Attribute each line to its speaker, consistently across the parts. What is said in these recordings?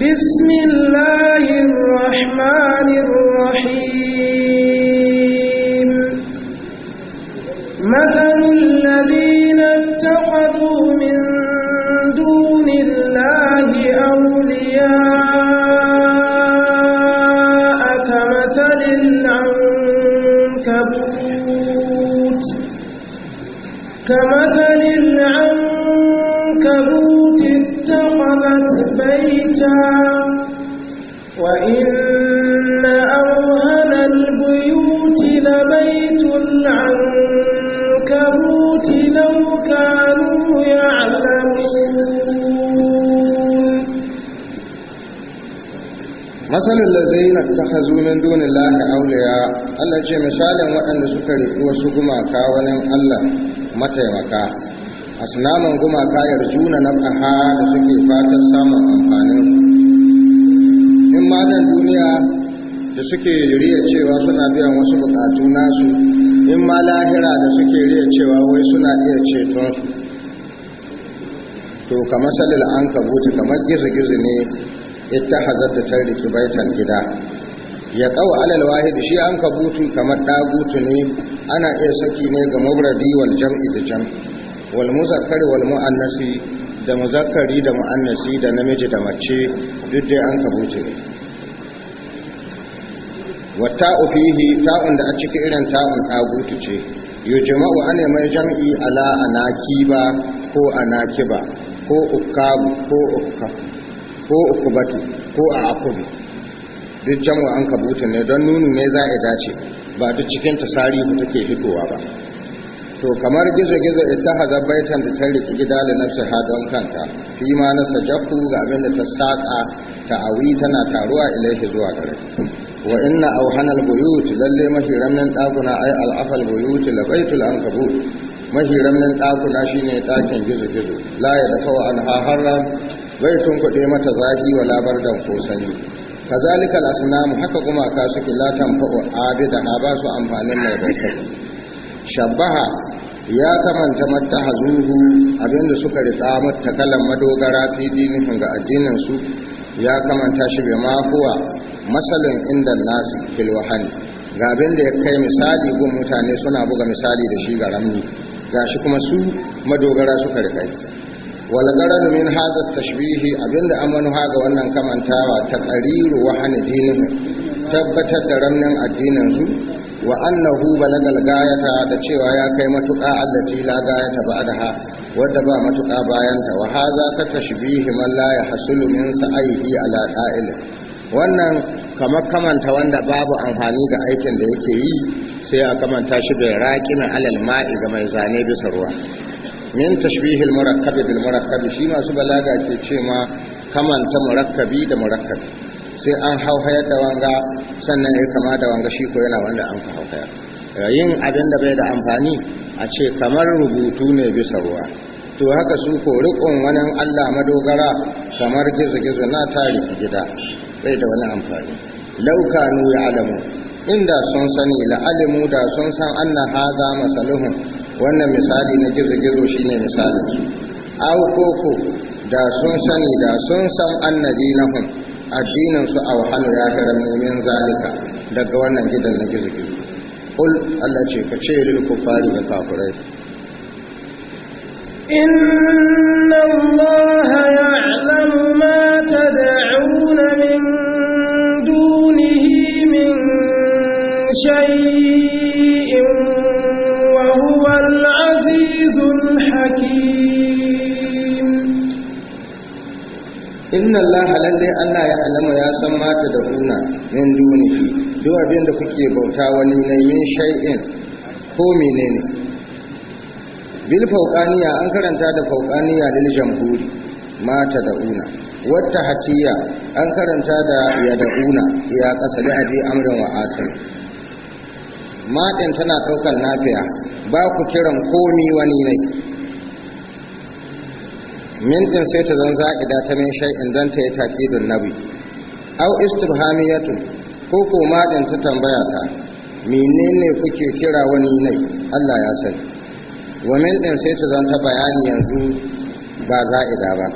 Speaker 1: بسم الله الرحمن الرحيم مثل الذين اتخذوا من دون الله أولياء كمثل العنكبوت كمثل العنكبوت بيوتا وإن أوهن البيوت لبيت العنكبوت لو كانوا يعلمون
Speaker 2: مثل الذين اتخذوا من دون الله أولياء الله جمشالا وأن سكر وسكما كاولا الله متى وكاه asnaman gumaka na nafaha da suke fatan samun amfanin in madan duniya da suke riya cewa suna biyan wasu bukatu nasu in ma lahira da suke riya cewa wai suna iya ceton su to kamar salil an kabuta kamar gizo-gizo ne ita hazar da baitan gida ya kawo alal wahidi shi an kabutu kamar dagutu ne ana iya saki ne ga mabradi wal jam'i da jam'i wal muzakkari wal mu'annasi da muzakari da mu'annasi da namiji da mace duk dai an kabuce wa ta'u ta'un da a cikin irin ta'un kabutu ce yujma'u ana mai jam'i ala ba ko anakiba ko ukabu ko ukabu ko ukubatu ko a akubi duk jam'u an kabutu ne don nunu ne za a dace ba duk cikin tasarihu take fitowa ba to kamar gizo-gizo ita haza baitan da ta riki gida da nafsi kanta fi ma na sajafu ga abin da ta saƙa ta awi tana taruwa ilaihi zuwa gare wa inna auhanal buyut lalle mafi ramnin ɗakuna ai al'afal buyut la baitul ankabut mafi ramnin ɗakuna shine ɗakin gizo-gizo la ya dafa wa an haharran baitun kuɗe mata zafi wa labar dan ko sanyi kazalika al-asnam haka kuma ka suke la tanfa'u abida ha ba su amfanin mai bai Shabbaha. ya kamanta mata hazuhu abinda suka riƙa mata kalan madogara fi dinihin ga addininsu ya kamanta shi bai makuwa, masalin inda nasu fil ga abinda ya kai misali gun mutane suna buga misali da shi ga ramni gashi kuma su madogara suka riƙa wal garanu domin hazar tashbihi, abinda an amanu haga wannan kamantawa ta qariru wa dinihin tabbatar da ramnin addinin wa annahu balagal gayata da cewa ya kai matuƙa allati la gayata ba'daha wadda ba matuƙa bayan ta wa haza ka tashbihi man la yahsulu min sa'ihi ala qa'il wannan kamar kamanta wanda babu amfani ga aikin da yake yi sai a kamanta shi da raqina alal ma'i ga mai zane bisa ruwa min al murakkabi bil murakkabi shi masu balaga ke ma kamanta murakkabi da murakkabi sai an hauhayar da wanga sannan ya kama da wanga shi ko yana wanda an hau hauhayar yin abin da bai da amfani a ce kamar rubutu ne bisa ruwa to haka su ko rikon wani Allah madogara kamar gizo-gizo na tariki gida bai da wani amfani nu ya alamu inda sun sani alimu da sun san anna haza masaluhun wannan misali na gizo-gizo shine misalin su au koko da sun sani da sun san anna addinin su a wahala ya fi min zalika daga wannan gidan na gizo gizo kul Allah ce ka ce lil kufari da kafurai.
Speaker 1: inna Allah ya'lamu ma tad'un min dunihi min shay'in wa huwa al hakim
Speaker 2: inna Allah lallai Allah ya alama ya san mata da hunna min dunihi duk abin da kuke bauta wani ne min shay'in ko menene bil fauqaniya an karanta da fauqaniya lil jamhuri mata da una wata hatiya an karanta da ya da una ya kasali abi amrin wa asal matin tana daukar nafiya ba ku kiran komi wani ne min din sai ta zan za'ida ta min shay'in ta yi taƙidun nabi au istirhamiyatu ko ko ma din ta tambaya ta menene kuke kira wani ne, Allah ya sani wa min din sai ta zan ta bayani yanzu ba za'ida ba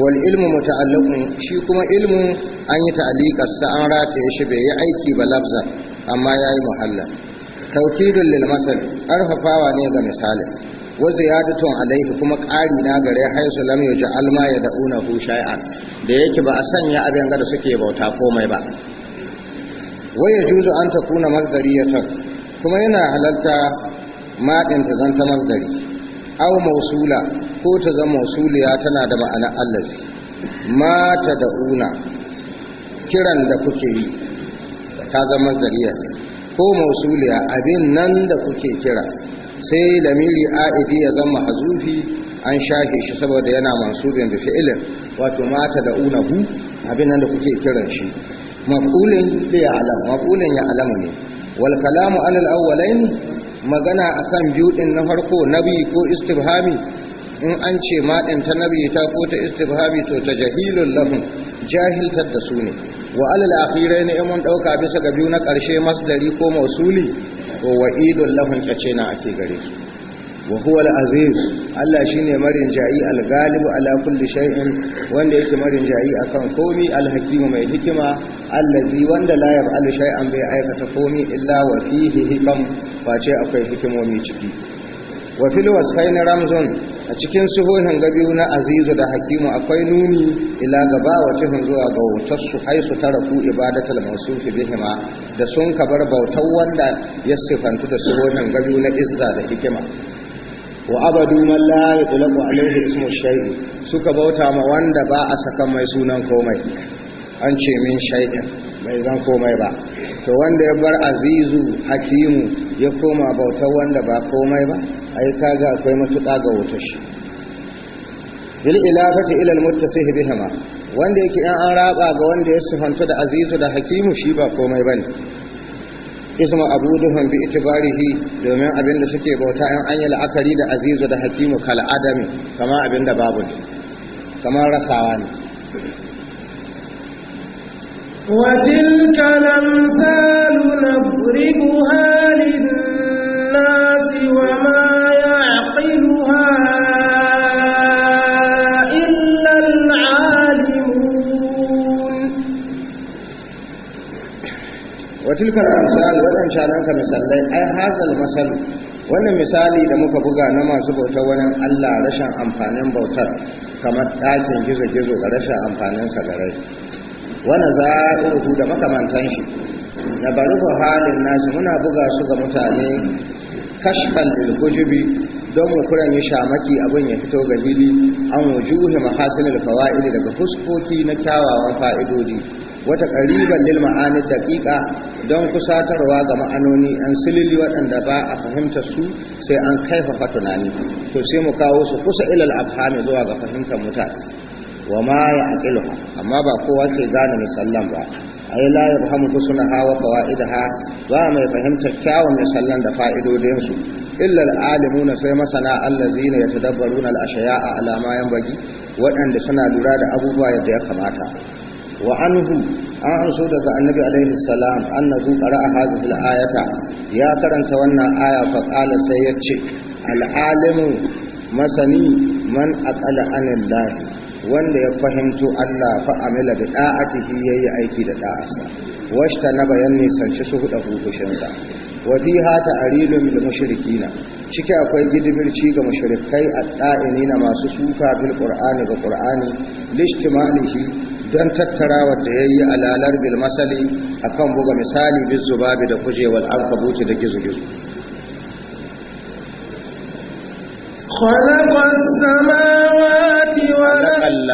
Speaker 2: wal ilmu muta'alliqun shi kuma ilmu an yi ta'alliqar sa an rataye shi bai yi aiki ba lafza amma yayi muhalla tawkidul lil masal arfafawa ne ga misalin wa ziyadatun alaihi kuma ƙari na gare haisu lam yuj'al ma hu shay'an da yake ba a sanya abin da suke bauta komai ba wa yajuzu an takuna magdariyatan kuma yana halalta madin ta zanta magdari aw mausula ko ta zama mausuliya tana da ma'ana allazi ma ta da'una kiran da kuke yi ta zama magdariya ko mausuliya abin nan da kuke kira sai lamiri aidi ya zama hazufi an shafe shi saboda yana mansubin da fi'ilin wato mata da unahu abin nan da kuke kiran shi maqulin bi alam maqulin ya'lamu ne wal kalamu al awwalain magana akan biyu din na farko nabi ko istibhami in an ce maɗin ta nabi ta ko ta istibhami to ta jahilun lahum jahiltar da su ne wa alal akhirai ne mun ɗauka bisa ga biyu na karshe masdari ko mausuli to wa'idun lahun kyace na ake gare su wa huwa al-aziz Allah shine marin jayi al-galibu ala kulli shay'in wanda yake marin jayi akan komi al-hakimu mai hikima allazi wanda la yab'al shay'an bai aikata komi illa wa fihi hikam face akwai hikimomi ciki wa fil wasfain ramzun a cikin suhohin gabiyu na azizu da hakimu akwai nuni ila gaba wa zuwa ga wutar su haisu taraku ibadatul mawsufi bihima da sun kabar bautar wanda ya sifantu da suhohin gabiyu na izza da hikima wa abadu man la yutlaqu alayhi ismu shay'i suka bauta ma wanda ba a saka mai sunan komai an ce min shay'in Mai zan komai ba to wanda ya bar azizu hakimu ya koma bautar wanda ba komai ba ai kaga akwai matuƙa ga wuta shi bil ilafati ila almuttasih bihima wanda yake 'yan an raba ga wanda ya sifanta da azizu da hakimu shi ba komai bane isma abu duhan bi itibarihi domin abin da suke bauta in an yi la'akari da azizu da hakimu kal adami kama abin da babu ne kamar rasawa ne
Speaker 1: وتلك الأمثال نضربها للناس وما يعقلها إلا العالمون
Speaker 2: وتلك الأمثال وأن شانك مثالي أي هذا wannan misali da muka buga na masu bautar wani Allah rashin amfanin bautar kamar ɗakin gizo-gizo da rashin amfaninsa da rai wani za'iruhu da makamantan shi na baruhu halin nasu muna buga su ga mutane kashfan ilkujubi don mu kuranye shamaki abin ya fito ga hili an wujuhi mahasilil fawaidi daga fuskoki na kyawawan fa'idodi wata ƙariban lil ma'anin daƙiƙa don kusatarwa ga ma'anoni an silili waɗanda ba a fahimtar su sai an kaifafa tunani to sai mu kawo su kusa ilal afhami zuwa ga fahimtar mutane wa ma ya aqiluha amma ba kowa ke gane mai sallan ba ai la suna hawa kawaida fawaidaha ba mai fahimtar kyawun mai sallan da fa'idodin su illa na sai masana allazina yatadabbaruna alashaya a ma yanbaghi waɗanda suna lura da abubuwa yadda ya kamata wa anhu an amso daga annabi alaihi salam annahu qara'a hadhihi al-ayata ya karanta wannan aya fa qala sai ya ce, alimu masani man aqala anillahi wanda ya fahimto Allah fa amila bi da'atihi yayi aiki da da'arsa washta na bayan nisanci su huda hukushinsa wa ta arilu min mushrikina ciki akwai gidibirci ga mushrikai na masu suka bil qur'ani ga qur'ani lishtimalihi don tattara da yayi alalar bil masali akan buga misali bil zubabi da kujewal ankabuti da gizo gizo
Speaker 1: خلق السماوات والأرض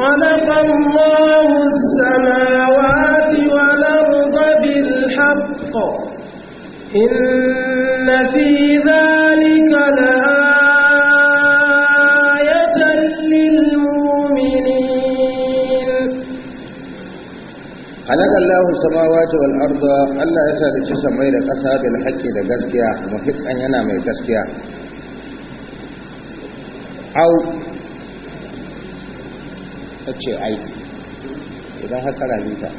Speaker 1: خلق الله السماوات والأرض بالحق إن في ذلك لآية للمؤمنين خلق الله
Speaker 2: السماوات والأرض الله يسأل الجسم غير قصاب الحق لقسكيا محيط أن ينام القسكيا hau ta ce ai idan hasara nita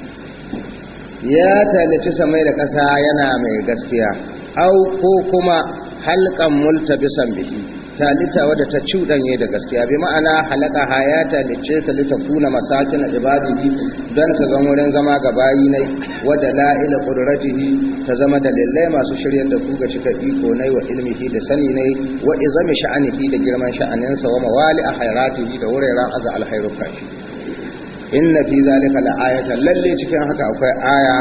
Speaker 2: ya talici samai da ƙasa yana mai gaskiya Hau ko kuma halkan multa bisan bihi talita wadda ta cuɗanye da gaskiya bi ma'ana halaka haya talice ta lita kuna masakin ibadihi don ta zama wurin zama ga bayi ne wadda la'ila qudratihi ta zama da lallai masu shirya da ku ga cika iko ne wa ilmihi da sani ne wa izami sha'anihi da girman sha'aninsa wa mawali a hayratihi da wuraren aza alhairuka in na fi zalika la'ayatan lalle cikin haka akwai aya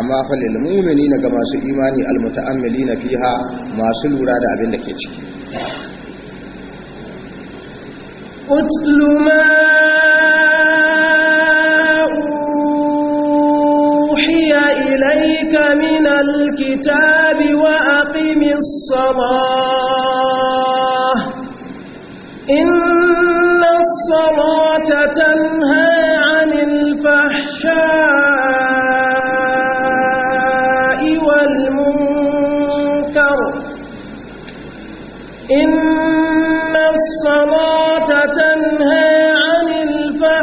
Speaker 2: amma fa lil mu'minina ga masu imani al muta'ammilina fiha masu lura da abin da ke ciki
Speaker 1: أتل ما أوحي إليك من الكتاب وأقم الصلاة إن الصلاة تنهى عن الفحشاء والمنكر إن الصلاة وتنهى عن الفحشاء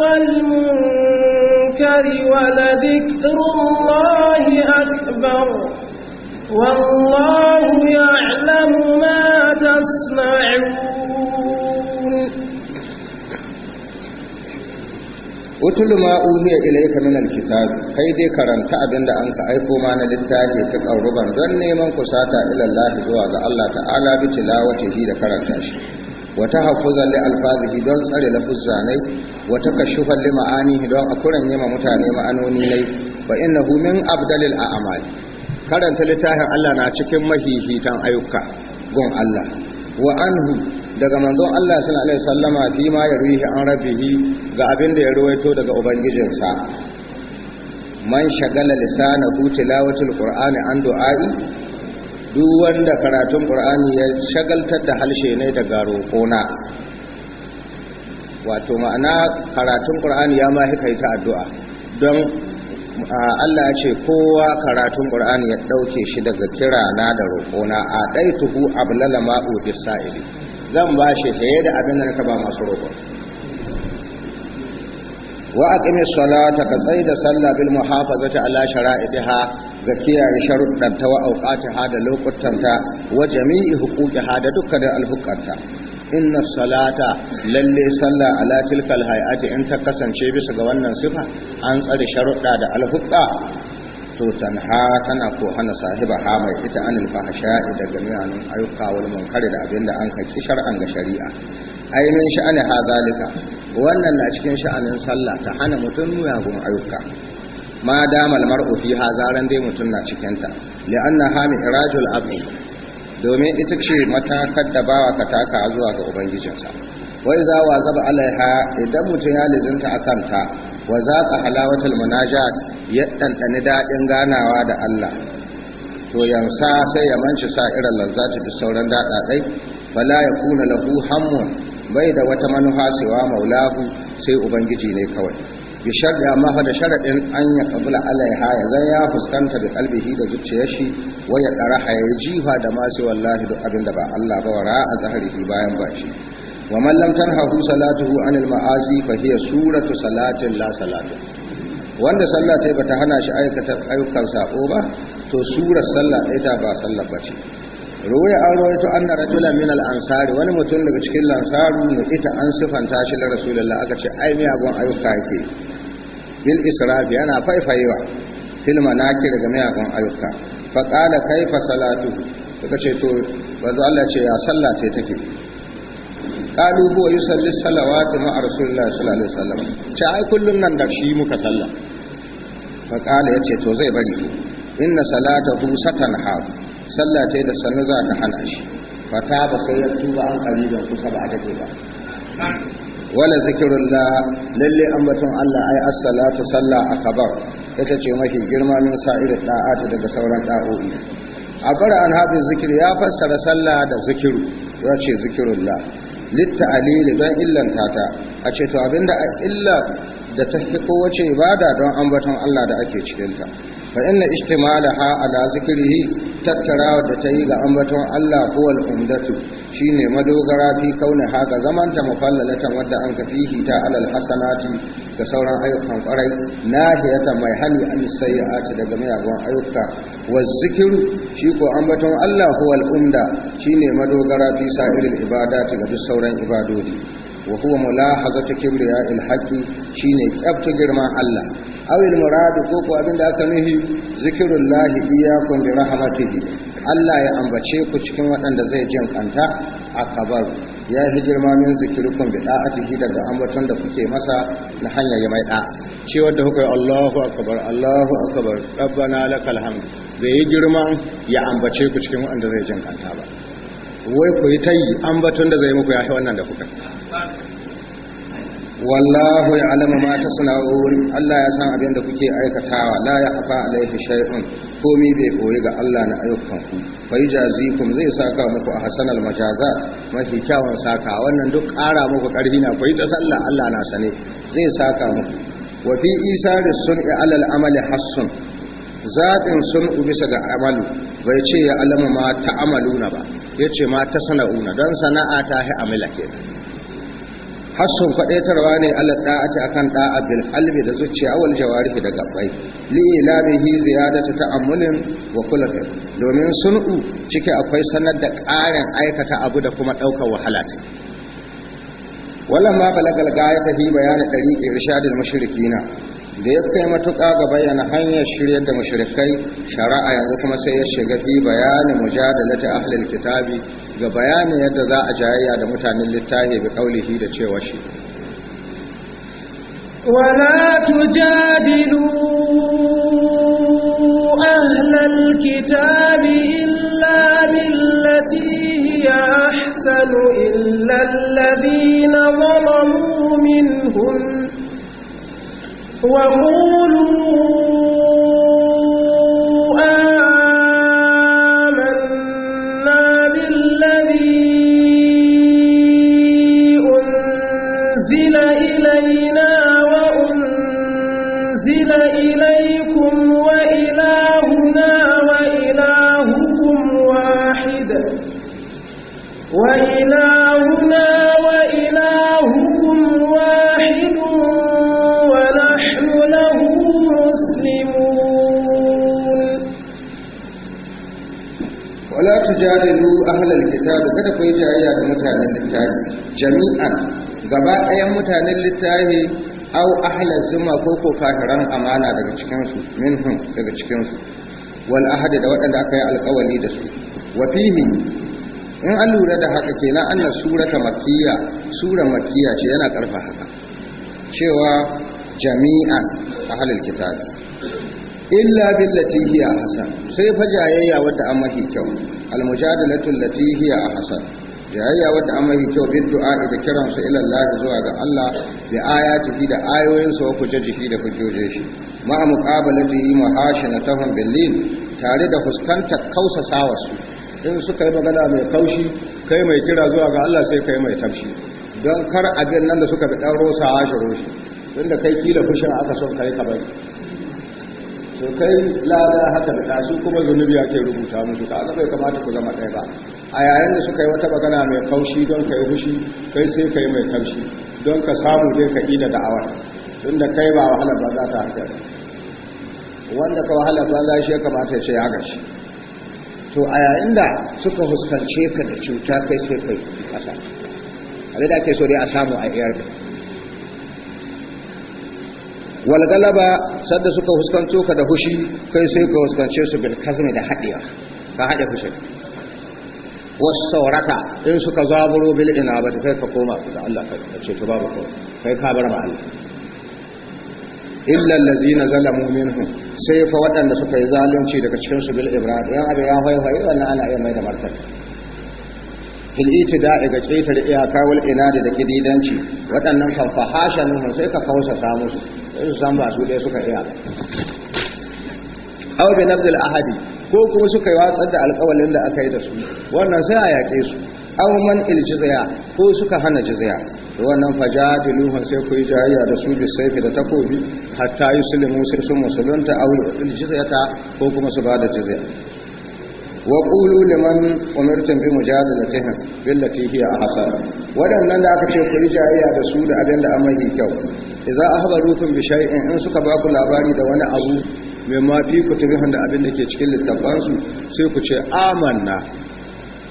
Speaker 1: والمنكر ولذكر الله أكبر والله يعلم ما تصنعون
Speaker 2: utul ma uhiya ilayka min alkitab kai dai karanta abinda an ka aiko ma na littafi ta qaruban don neman kusata ila Allah zuwa ga Allah ta'ala bi tilawatihi da karanta shi wa tahaffuzan li alfazihi don tsare lafuzzanai wa takashufan li ma'anihi don akuran yema mutane ma'anoni nai fa innahu min abdalil a'mal karanta littafin Allah na cikin mahihitan ayyuka gun Allah wa anhu daga manzon Allah sallallahu alaihi sallama fi ma ya ruhi an rafihi ga abin da ya ruwaito daga ubangijinsa man shagala ku tilawatul qur'ani an du'ai duk wanda karatun qur'ani ya shagaltar da halshe ne daga roƙona wato ma'ana karatun qur'ani ya ma hika ta addu'a don Allah ya ce kowa karatun qur'ani ya dauke shi daga kirana da roƙona a daituhu ablala ma'u bisaili zan ba shi fiye da abin da na ba masu roƙon wa salata ka tsai da sallah bil muhafazati ala shara'iha ga kiyaye sharuɗan ta wa auqatiha da lokutan ta wa jami'i ha da dukkanin alhuqanta inna salata lalle sallah ala tilkal hay'ati in ta kasance bisa ga wannan sifa an tsare sharuɗa da alhuqqa to tanha tana ko hana sahiba ha mai ita anil fahsha'i daga miyanin ayyuka wal munkari da abinda an ka ki shar'an ga shari'a ai min sha'ani ha zalika wannan na cikin sha'anin sallah ta hana mutum miyagun ayyuka ma damal mar'u fi zaran dai mutum na cikin ta li'anna ha mi irajul abdi domin ita ce matakar da bawa ka taka zuwa ga ubangijinsa wai za wa zaba alaiha idan mutum ya lizinta akan ta wa ka halawatul munajat ya ɗanɗani daɗin ganawa da Allah to yansa sai ya manci irin lazzati da sauran daɗaɗai fala ya kuna lahu hammun bai da wata manufa sewa maulahu sai ubangiji ne kawai bi sharri amma fa da sharadin an ya qabula alaiha ya zan ya fuskanta da kalbihi da zuciyar shi waya ya daraha ya jifa da masu wallahi duk abin da ba Allah ba wara a zahiri bayan ba shi wa man lam tanhahu salatuhu anil ma'asi fa hiya suratu salatin la salatin wanda sallah ta bata hana shi aikata ayyukan sako ba to sura sallah ita ba sallah bace ruwaya an rawaito anna rajulan min al ansari wani mutum daga cikin lansaru ne ita an sifanta shi da rasulullah aka ce ai me agon ayyuka yake bil israfi yana faifayewa fil manakir daga me agon ayyuka fa qala kaifa Salatu, suka ce to wanzu Allah ce ya sallah ce take qalu huwa yusalli salawati ma rasulullahi sallallahu alaihi wasallam ce ai kullun nan da shi muka salla fa qala yace to zai bari inna salatahu satanha sallata da sanu za ta hana shi fa ba sai ya tuba an qalilan kusa ba a take ba wala zikirullah lalle ambaton Allah ai as-salatu sallah kabar, ita ce mafi girma min sa'ir da'ati daga sauran da'o'i abara an zikir ya fassara sallah da zikiru ya ce litta alili don illanta ta a ce to abinda a illa da ta fi kowace ibada don ambaton Allah da ake cikinta fa inna istimalaha ala zikrihi tattara da ta yi ga ambaton Allah al umdatu shine madogara fi kauna haka zamanta mufallalatan wadda an kafihi ta alal hasanati da sauran ayyukan kwarai hiyata mai hali an ci daga mayagun ayyuka wa zikiru shi ko ambaton Allah huwal umda ne madogara fi sa'iril ibada ga duk sauran ibadodi wa huwa mulahazatu kibriya al shi ne kyafta girma Allah awil muradu murad ko ko abinda aka nuhi zikrullahi iyakun bi rahmatihi Allah ya ambace ku cikin waɗanda zai jin kanta a kabaru ya fi girma min su zikirukun bi da'atihi daga ambaton da kuke masa na hanya ya mai da'a cewa da kuka yi Allahu akbar Allahu akbar rabbana lakal hamd bai yi girma ya ambace ku cikin wanda zai jin kanta ba wai ku yi tayi ambaton da zai muku ya fi wannan da kuka wallahu ya alama ma ta sana'o'in Allah ya san abin da kuke aikatawa la ya hafa alaihi shay'un komi bai koyi ga Allah na ayyukan ku bai jazikum zai saka muku a hasanal majaza mafi kyawun saka wannan duk ƙara muku ƙarfi na koyi ta sallah Allah na sane zai saka muku wa fi isari sun'i alal amali hassun zaɓin sun'u bisa ga amalu bai ce ya alama ma ta amalu na ba ya ce ma ta sana'una don sana'a ta hi amila kenan hassun kwadaitarwa ne ala da'ati akan da'a bil halbi da zuciya wal jawarihi da gabbai li ilamihi ziyadatu ta'ammulin wa kulafin domin sun'u cike akwai sanar da ƙarin aikata abu da kuma ɗaukar wahala ta wala ma balagal gayata hi bayan dariqi irshadil mushrikina da ya kai matuƙa ga bayyana hanyar shiryar da mushrikai shari'a yanzu kuma sai ya shiga fi bayanin mujadalati ahlul kitabi ga bayanin yadda za a jayayya da mutanen littafi bi kaulihi da cewa shi
Speaker 1: wala tujadilu ahlal kitabi illa billati hiya ahsanu illa alladhina zalamu minhum wa qulu إليكم وإلهنا وإلهكم واحد وإلهنا وإلهكم واحد ونحن له مسلمون
Speaker 2: ولا تجادلوا أهل الكتاب kada ku yi jayayya da mutanen littafi jami'an gaba ɗayan mutanen littafi au ahla zuma ko ko kafiran amana daga cikinsu minhum daga cikinsu wal ahad da waɗanda aka yi alƙawali da su wa fihi in an lura da haka kenan annas surata makkiya sura makkiya ce yana karfa haka cewa jami'an ahlul kitab illa billati hiya hasan sai fajayayya wadda an mahi kyau al mujadalatu allati hiya hasan jayayya wadda an mafi kyau bin da kiransu ila Allah zuwa ga Allah bi ayatihi da ayoyin sa ku jiji da hujjoje shi ma muqabalati mahashinatahum bil lin tare da fuskanta kausa sawarsu in suka yi magana mai kaushi kai mai kira zuwa ga Allah sai kai mai tafshi don kar abin nan da suka bi dan rosa shi roshi tunda kai kila fushin aka son kai ka bari so kai lada haka da su kuma zunubi ake rubuta musu ka bai kamata ku zama ɗaya ba a yayin da suka yi wata magana mai kaushi don ka yi fushi kai sai ka yi mai kaushi don ka samu dai ka ƙila da'awar tunda kai ba wahalar ba za ta haifar wanda ka wahalar ba za shi ya kamata ya ce ya gashi to a yayin da suka fuskance ka da cuta kai sai kai kasa a da ake so dai a samu a iyar da walgalaba sadda suka fuskanto ka da hushi kai sai ka fuskance su bil kazmi da haɗewa ka haɗe fushin wasaurata in suka zaburo bil ina ba kai ka koma da Allah ka ce babu ko kai ka bar ma Allah illa allazina zalamu minhum sai fa waɗanda suka yi zalunci daga cikin su bil ibrahim yan abin ya haihuwa wannan ana iya mai da martani fil itida'i ga ƙetare iyaka wal inadi da kididanci waɗannan fa fahasha minhum sai ka kausa samu su sai su san ba su dai suka iya au bi nabdil ahadi ko kuma suka yi watsar da alkawalin da aka yi da su wannan sai a yaƙe su aw man il jizya ko suka hana jizya to wannan fajadiluhum sai ku yi jayayya da su bisayfi da takobi hatta yuslimu sai su musulunta aw il jizyata ko kuma su ba bada jizya wa qulu liman umirtum bi mujadalatihim billati hiya ahsan wadannan da aka ce ku yi jayayya da su da abin da amma kyau a haɓa rufin shay'in in suka ba ku labari da wani abu mai mafi ku tafi da abin da ke cikin littafansu sai ku ce amanna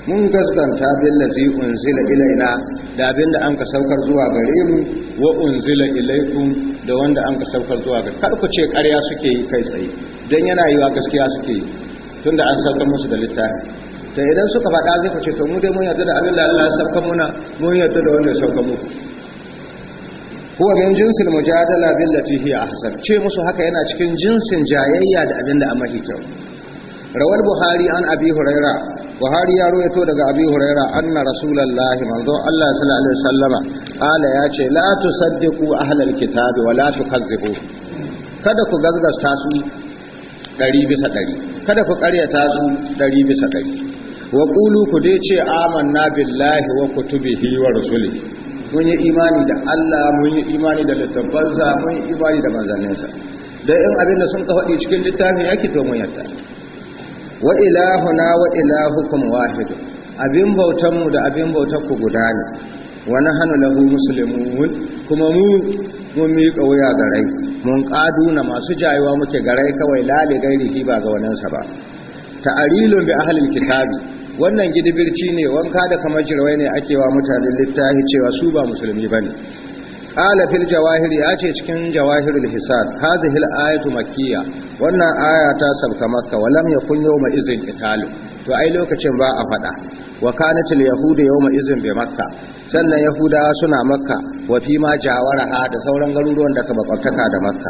Speaker 2: mun gaskanta billazi unzila ilaina da abin da an ka saukar zuwa gare mu wa unzila ilaikum da wanda an ka saukar zuwa gare kar ku ce ƙarya suke yi kai tsaye don yana yiwa gaskiya suke yi tunda an saukar musu da littafi da idan suka faɗa zai ku ce to mu dai mun yarda da abin da Allah ya sauka muna mun yarda da wanda ya sauka muku huwa min jinsil mujadala billati hiya ahsan ce musu haka yana cikin jinsin jayayya da abinda a mafi kyau rawal buhari an abi huraira buhari ya ruwaito daga abi huraira anna rasulullahi manzo Allah sallallahu alaihi wasallama qala ya ce la tusaddiqu ahlal kitabi wa la tukazzibu kada ku gazgasta su ɗari bisa ɗari kada ku ƙaryata su ɗari bisa ɗari wa ƙulu ku dai ce amanna billahi wa kutubihi wa rasulihi mun yi imani da Allah mun yi imani da littafansa mun yi imani da manzanninsa dan in abin da sun ka faɗi cikin littafin yake to mun yarda wa ilahuna wa ilahukum wahid abin bautan mu da abin bautar ku guda ne wa nahnu lahu muslimun kuma mu mun mi kauya garai mun kaduna masu jayewa muke garai kawai lale gairi ba ga wannan sa ba ta'arilun bi ahlil kitabi wannan gidibirci ne wanka da kamar jirwai ne ake wa mutane littafi cewa su ba musulmi ba ne alafil jawahir ya ce cikin jawahirul hisar hadhihi hil ayatu makkiya wannan aya ta sabka makka walam yakun yawma izin qitalu to ai lokacin ba a fada wa kanat al-yahudu yawma izin bi makka sannan yahudawa suna makka wa fi ma jawaraha da sauran garuruwan da ka makwabtaka da makka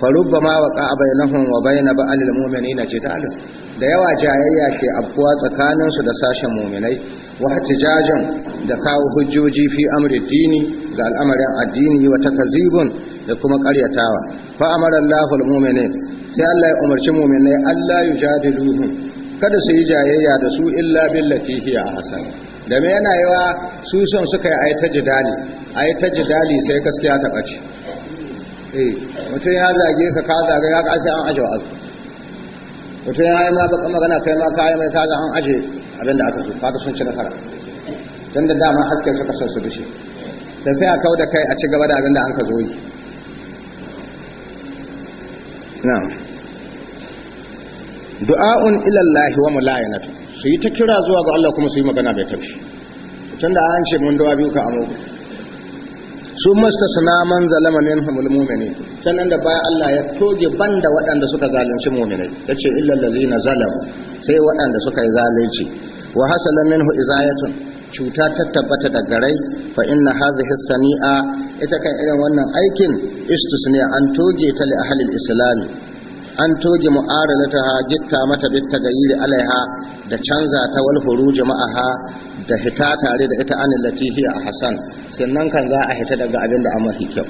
Speaker 2: fa rubbama waqa bainahum wa bain ba'al al-mu'minina dalil. da yawa jayayya ke abuwa tsakaninsu da sashen muminai wa hatijajan da kawo hujjoji fi amri dini ga al'amarin addini wa takazibun da kuma karyatawa fa amara Allahu al-mu'minin sai Allah ya umarci muminai Allah yujadiluhum kada su yi jayayya da su illa billati a ahsan da me yana yawa su son suka yi aita jidali jidali sai gaskiya ta bace eh, mutum ya zage ka ka zage ya ka an mutum ya yi ma baka magana kai ma kayi mai kaga an aje abin da aka su fata sun ci nasara don da dama hasken suka son su bishe sai sai a kau da kai a ci gaba da abin da an ka zo yi du'a'un ilallahi wa mulayanatu su yi ta kira zuwa ga Allah kuma su yi magana bai kafi tunda an ce mun dawa biyu ka amo su mustasna man zalama minhum almu'minin sannan da baya Allah ya toge banda waɗanda suka zalunci mu'minai yace illa allazina zalamu sai waɗanda suka yi zalunci wa hasala minhu izayatun cuta ta tabbata da garai fa inna hadhihi sami'a ita kan irin wannan aikin istisna an toge ta li ahli islam an toge mu'aradataha gitta mata bit tagayyir alaiha da canza ta wal huruj ma'aha ta hita tare da ita an latifi a hasan sannan kan za a hita daga abin da amma kyau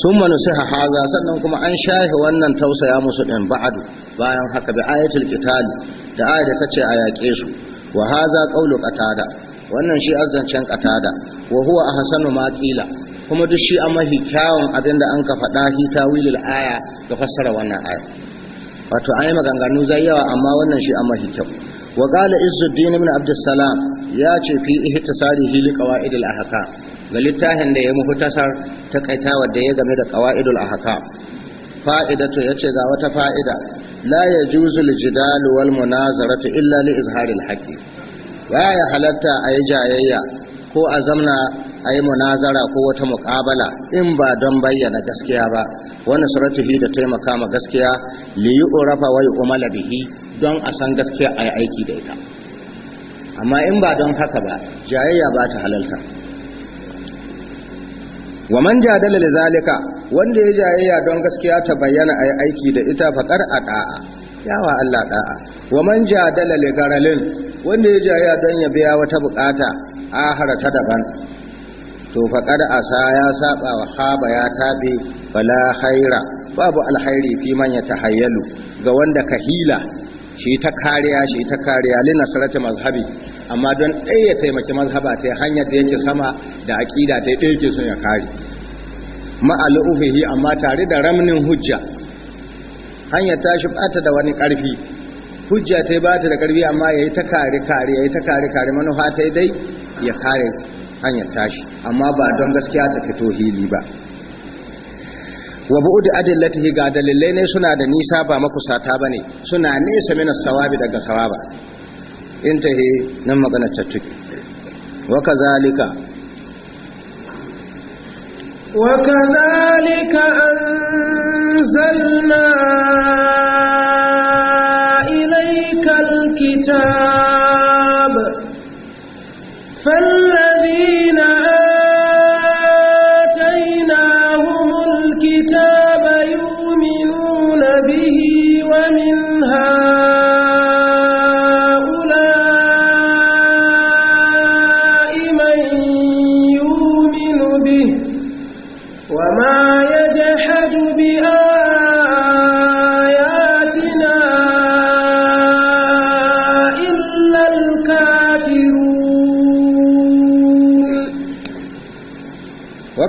Speaker 2: sun manu sai haza sannan kuma an shahi wannan tausaya musu ɗin ba'adu bayan haka bi ayatul qitali da aya da tace a yaƙe su wa haza qawlu qatada wannan shi azzancen qatada wa huwa ahsanu ma qila kuma duk shi amma kyawun abin da an ka faɗa hi tawilul aya ga fassara wannan aya wato ayi maganganu zai yawa amma wannan shi amma kyau wa qala izzuddin ibn abdussalam ya ce fi ihtisarihi li qawaidil ahkam ga littafin da ya mu tasar ta kaitawa da ya game da qawaidul ahkam ya ce ga wata fa'ida la yajuzu al-jidal wal munazaratu illa li izharil haqqi ya ya halatta ayi jayayya ko a zamna a yi munazara ko wata muƙabala in ba don bayyana gaskiya ba wani suratihi da taimaka ma gaskiya liyu urafa wai umala bihi don a san gaskiya a yi aiki da ita amma in ba don haka ba jayayya ba ta halalta wa man jadala li zalika wanda ya jayayya don gaskiya ta bayyana a yi aiki da ita faqar a da'a yawa Allah da'a wa man jadala li garalin wanda ya jayayya don ya biya wata bukata a ta daban to a sa ya saba wa haba ya tabe bala khaira babu alhairi fi man yatahayyalu ga wanda kahila shi ta kariya shi ta kariya lina sarata mazhabi amma don ɗaya taimaki mazhaba ta hanyar da yake sama da aƙida ta ɗaya yake ya kare ma'alu'ufihi amma tare da ramnin hujja hanyar ta shi bata da wani ƙarfi hujja ta ba ta da ƙarfi amma ya yi ta kare kare ya yi ta kare kare manufa ta dai ya kare hanyar tashi amma ba don gaskiya ta fito hili ba wa bu'udu adillatihi ga dalilai ne suna da nisa ba makusata bane suna nesa min sawabi daga sawaba intahi nan magana tattu wa kazalika
Speaker 1: wa kazalika anzalna ilaykal kitab فَالَّذِينَ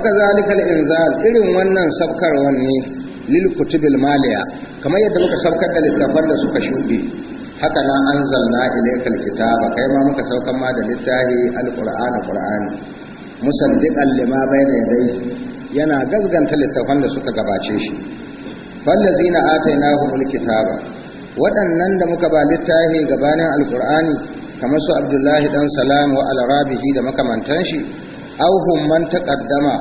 Speaker 2: waka zalikal inzal irin wannan sabkarwan ne lil kutubil maliya kamar yadda muka sabkar da littafan da suka shuɗe haka anzal anzalna ilaykal kitaba kai ma muka saukar ma da littafi alqur'ana qur'ani musaddiqan lima bayna yadayhi yana gazganta littafan da suka gabace shi fallazina atainahumul kitaba waɗannan da muka ba littafi gabanin alqur'ani kamar su abdullahi dan salam wa alrabihi da makamantan shi auhun man taqaddama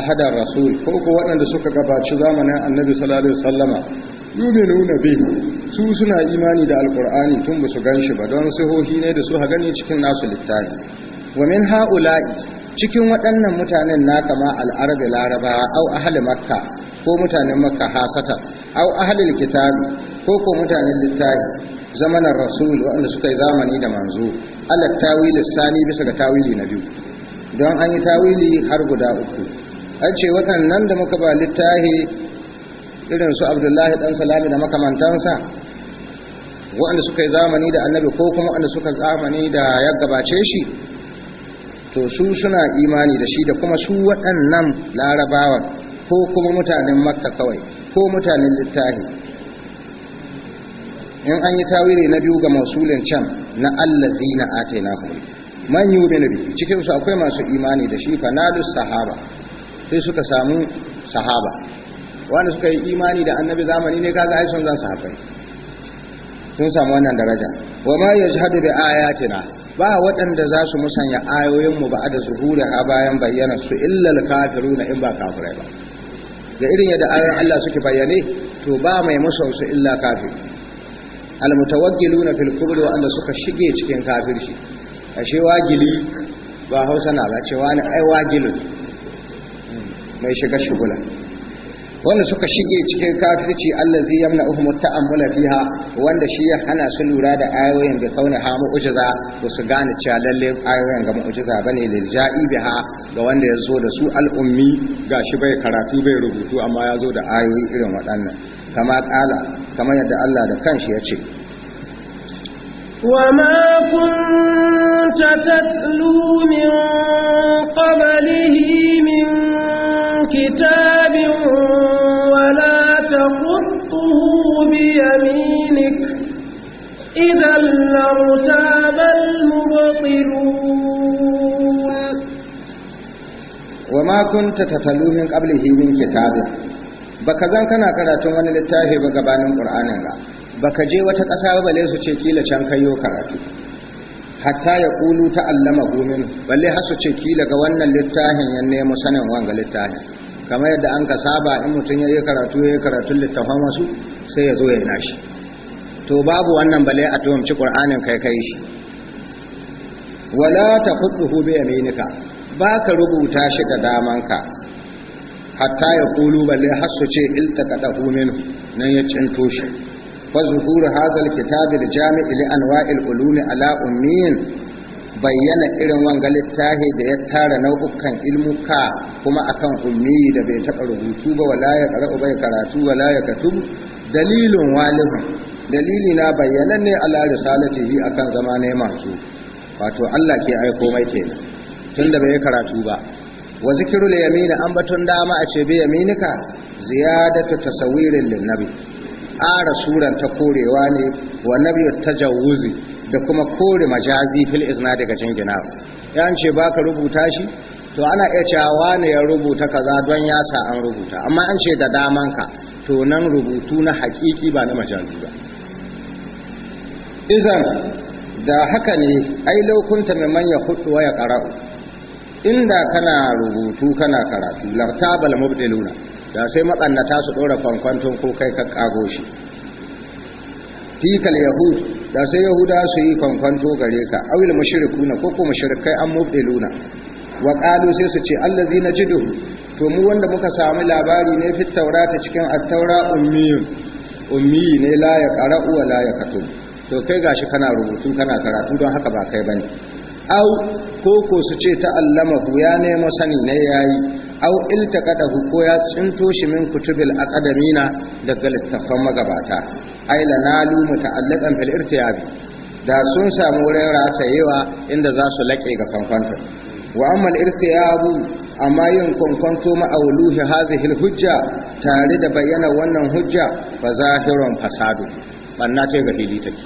Speaker 2: ahadar rasul farko waɗanda suka gabaci zamanin annabi sallallahu alaihi wasallama yuminuna bihi su suna imani da alqur'ani tun ba su ganshi ba don sihohi ne da su ha cikin nasu littafi wa min haula'i cikin waɗannan mutanen na kama al'arabi laraba au ahli makka ko mutanen makka hasata au ahli kitabi ko ko mutanen littafi zamanin rasul waɗanda suka yi zamani da manzo ala lissani sani bisa ga tawili na biyu don an yi tawili har guda uku an ce waɗannan da muka ba littahi irin su abdullahi ɗan salami da makamantansa waɗanda suka yi zamani da annabi ko kuma waɗanda suka zamani da ya gabace shi to su suna imani da shi da kuma su waɗannan larabawan ko kuma mutanen makka kawai ko mutanen littahi in an yi tawili na biyu ga masulin can na allazina kuma man yu'minu nabi cikin su akwai masu imani da shi fa sahaba sai suka samu sahaba wanda suka yi imani da annabi zamani ne kaga ai sun zan sahaba. sun samu wannan daraja wa ma yajhadu bi ayatina ba waɗanda za su musanya ayoyinmu ba da zuhuri a bayan bayyana su illal kafiru in ba kafirai ba ga irin yadda ayoyin Allah suke bayyane to ba mai musu su illa kafir almutawaggiluna fil kubri wa suka shige cikin kafirci ashe wagili ba hausa na ba ce wani ai Wagilin mai shiga shugula wanda suka shige cikin kafirci zai yamna uhum ta'ammula fiha wanda shi ya hana su lura da ayoyin da kauna ha mu'jiza ba su gane cewa lalle ayoyin ga mu'jiza bane da ja'i biha ga wanda ya zo da su al'ummi gashi bai karatu bai rubutu amma ya zo da ayoyi irin waɗannan kama kala kama yadda Allah da kanshi ya ce
Speaker 1: wa كنت تتلو من قبله من كتاب ولا تخطه بيمينك إذا لارتاب المبطلون
Speaker 2: وما كنت تتلو من قبله من كتاب baka zan kana karatun wani littafi ba gabanin ƙur'anin ba baka je wata ƙasa ba bale su ce kila can kayo karatu hatta ya kulu ta allama gomin balle hasu ce kila ga wannan littafin ya nemo sanin wanga littafin kamar yadda an ka saba in mutum ya yi karatu ya yi karatun littafan wasu sai ya zo ya nashi to babu wannan balle a tuhumci qur'anin kai kai shi wala taqutuhu bi yaminika ba ka rubuta shi ga damanka hatta ya kulu balle hasu ce iltaqatahu minhu nan ya cinto shi وظهور هذا الكتاب الجامع لأنواع العلوم على أمين bayyana irin wanga littafi da ya tara nau'ukan ilmuka kuma akan ummi da bai taɓa rubutu ba wala ya ƙara'u bai karatu wala ya dalilin walihun dalili na bayyana ne ala risalatihi akan zama ne masu wato Allah ke aiko mai kenan tunda bai karatu ba wa zikirul an batun dama a ce bi yaminika ziyadatu tasawirin linnabi ƙara suran ta korewa ne wa nabiyu jawuzi da kuma kore majazi fil izna daga jingina yan ce baka rubuta shi to ana iya cewa ne ya rubuta kaza don ya sa an rubuta amma an ce da damanka to nan rubutu na hakiki ba na majazi ba izan da haka ne ai laukunta mai manya hudu ya karau inda kana rubutu kana karatu lartabal mubdiluna da sai matsannata su ɗora kwankwanton ko kai ka ƙago shi fikal yahud da sai yahuda su yi kwankwanto gare ka awil mushrikuna ko ko mushrikai an mubdiluna wa qalu sai su ce allazi najiduhu to mu wanda muka samu labari ne fit taurata cikin at-taura ummi ne la ya qara'u wa la ya to kai gashi kana rubutu kana karatu don haka ba kai bane au ko ko su ce ta'allama, bu ya nemo sani ne yayi aw iltaqadahu ko ya tsinto shi min kutubil aqadamina daga littafan magabata la nalu muta'allaqan fil irtiyabi da sun samu wurin sayewa inda za su laƙe ga kankanta wa amma irtiyabu amma yin ma ma'auluhi hadhihi hujja tare da bayyana wannan hujja fa zahirun fasadu banna ce ga fili take